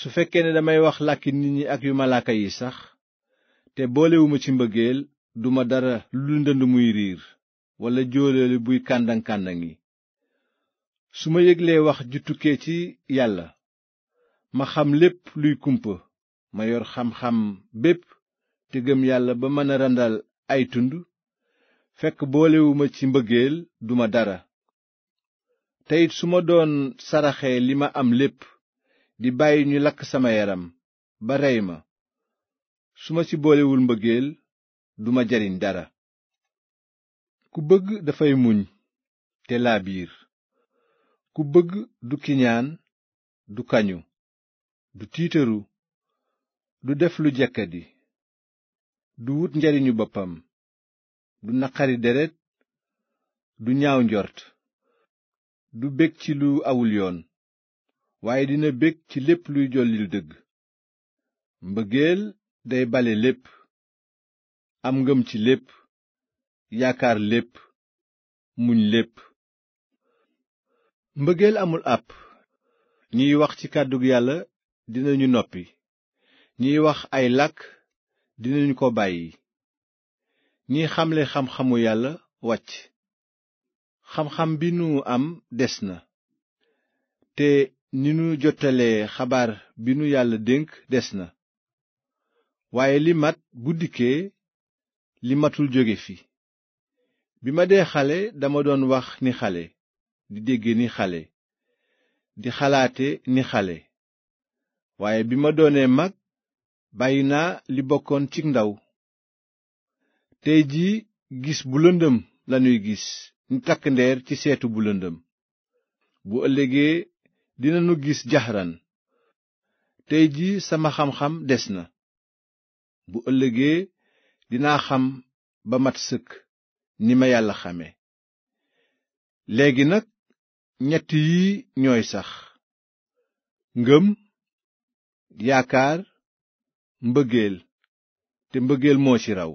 su fekkee ne damay wax làkki nit ñi ak yu malaaka yi sax te boolewuma ci mbëggeel duma dara lu ndënd muy riir walla jóoleelu buy kàndang kàndang yi su ma yëglee wax ju tukkee ci yàlla ma xam lépp luy kumpa ma yor xam-xam bépp te gëm yàlla ba mën a randal ay tund fekk boolewuma ci mbëggeel duma dara te su ma doon saraxee li ma am lépp di bàyyi ñu lakk sama yaram ba rey ma su ma ci boolewul mbëggeel duma jariñ dara ku bëgg dafay muñ te biir ku bëgg du kiñaan du kañu du tiitaru du def lu jekkadi du wut njariñu boppam du naqari deret du ñaaw njort du bég ci lu awul yoon waaye dina bég ci lépp luy jollil dëgg mbëggeel day bale lépp am ngëm ci lépp yaakaar lépp muñ lépp mbëggeel amul àpp ñiy wax ci kàddu yàlla dinañu noppi ñiy wax ay làkk dinañu ko bàyyi ñiy xamle xam-xamu yàlla wàcc xam-xam bi nu am des na te ni nu jottalee xabaar bi nu yàlla dénk des na waaye li mat bu dikkee li matul jóge fi bi ma dee xale dama doon wax ni xale di dégge ni xale di xalaate ni xale waaye bi ma doonee mag bàyyi naa li bokkoon ci ndaw tey jii gis bu lëndëm lanuy gis ni takk ndeer ci seetu bu lëndëm bu ëllëgee dinanu gis jaxran tey ji sama xam-xam des na bu ëllëgee dinaa xam ba mat sëkk ni ma yàlla xame léegi nag ñett yi ñooy sax ngëm yaakaar mbëggeel te mbëggeel moo ci raw